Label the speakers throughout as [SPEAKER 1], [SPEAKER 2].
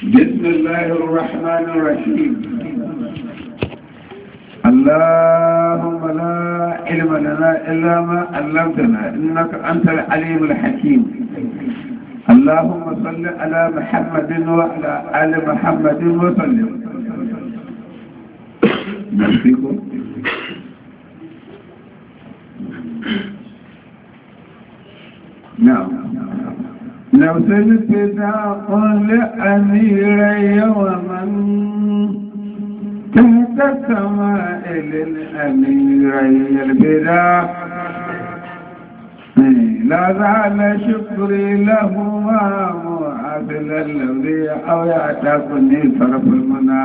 [SPEAKER 1] بسم الله الرحمن الرحيم اللهم لا علم لنا إلا ما علمتنا إنك أنت العليم الحكيم اللهم صل على محمد وعلى آل محمد وسلم نفسكم شمس البدع قل أميري ومن تحت السماء الأميري البدا لا زال شكري له لهما معافل الذي أو يعتقني طرف المنى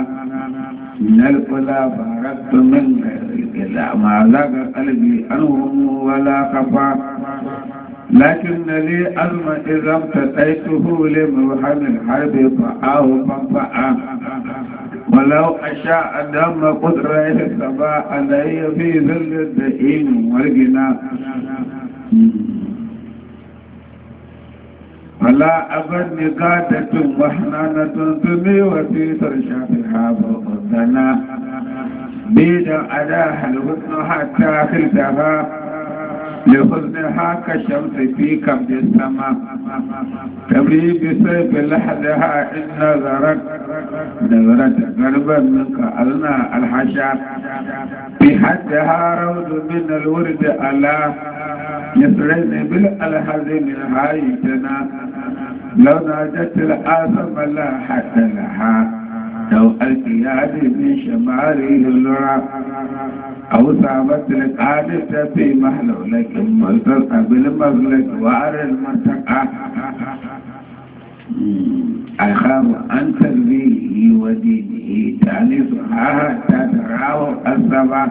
[SPEAKER 1] من القلا فارقت من غير الكلا ما ذاك قلبي أنهم ولا خفا لكن لي ألم إذا ابتديته لمرحم الحرب أو فانفعا ولو أشاء دم قدره سبا علي في ذل الدئين والجنا فلا أبد نقادة وحنانة تمي وفي ترشافها فقدنا بيد أداها الوطن حتى خلتها لحزنها كالشمس في كبد السماء تبري بسيف لحدها إن نظرت نظرت غربا منك ألنا الحشا في حدها روض من الورد ألا يسرين بالألحزن هايتنا لو ناجت الآثم لا حتى لها لو القياد من شماله اللرى أو أوسع لك عادل تبي محلولك الملتقى بالمغلق وعر المرتقى أخاف أن تربيه ودينه تالفها تتراو السبع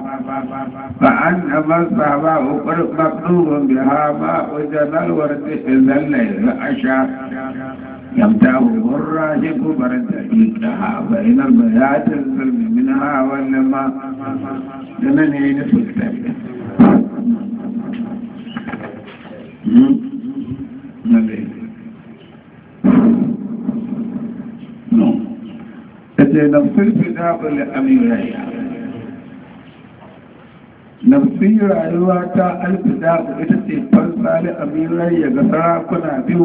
[SPEAKER 1] فأن مصابا مطلوب بها ما وجد الورد إذا الليل أشعر يمتع الغرة شكبر دقيقها بين البيات السلم منها واللما لمنين سلطان نفسي فداء الأميرين نفسي رأيوة الفداء إتسي فرصة لأميرين يغسرا كنا بيو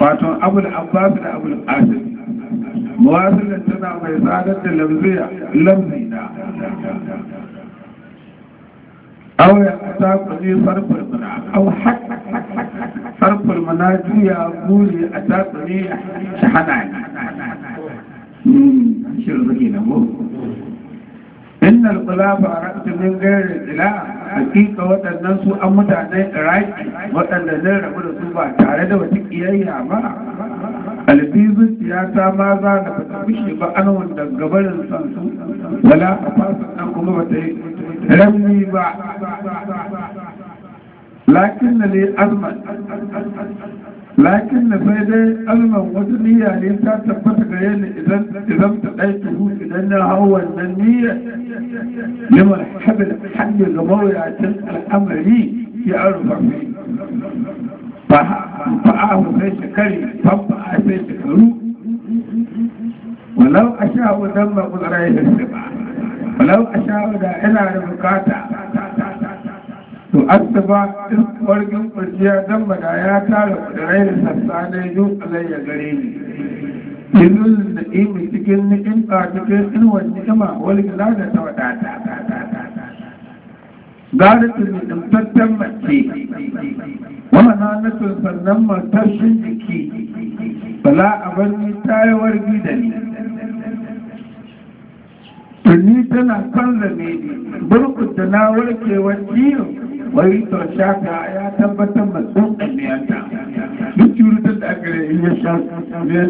[SPEAKER 1] wato abul abbas da abul qasim muwasilin tana mai sadar da lamziya lamzina أو يعتاقني صرف المنع أو حق صرف المناجي يا أبولي أتاقني شحناني شرطكي نمو inna al-qulaba arabtu min ghairi ila hakika waɗannan su an mutanen iraki waɗanda na rabu da su ba tare da wata kiyayya ba alfizin siyasa ma za na fata mishi ba an wanda gabarin san su wala a fasa nan kuma ba ta yi ramni ba lakin na ne azman لكن فدي ألمان وزنية يعني أنت تبتك إذا إذا بتقيته لأن هو النية لما حبل حد الغموية عشان الأمري يعرف فيه فأعه ولو أشاء دم قدريه السبع ولو أشاء دائنا لبقاته to asaba in farkin kurciya don bada ya tara kudurai da sassa na yi tsalai ya gare ni ilul da imi cikin nikin a cikin inuwar ni'ima wani gila da ta wadata zaratun mutuntattan mace wani nanatun sannan matashin jiki bala a barni tayawar gida ne tuni tana kan zame ne burkuta na warkewar ciwo wai to shaka ya tabbatar matsun ɗaniyanta duk curutar da aka rai in ya sha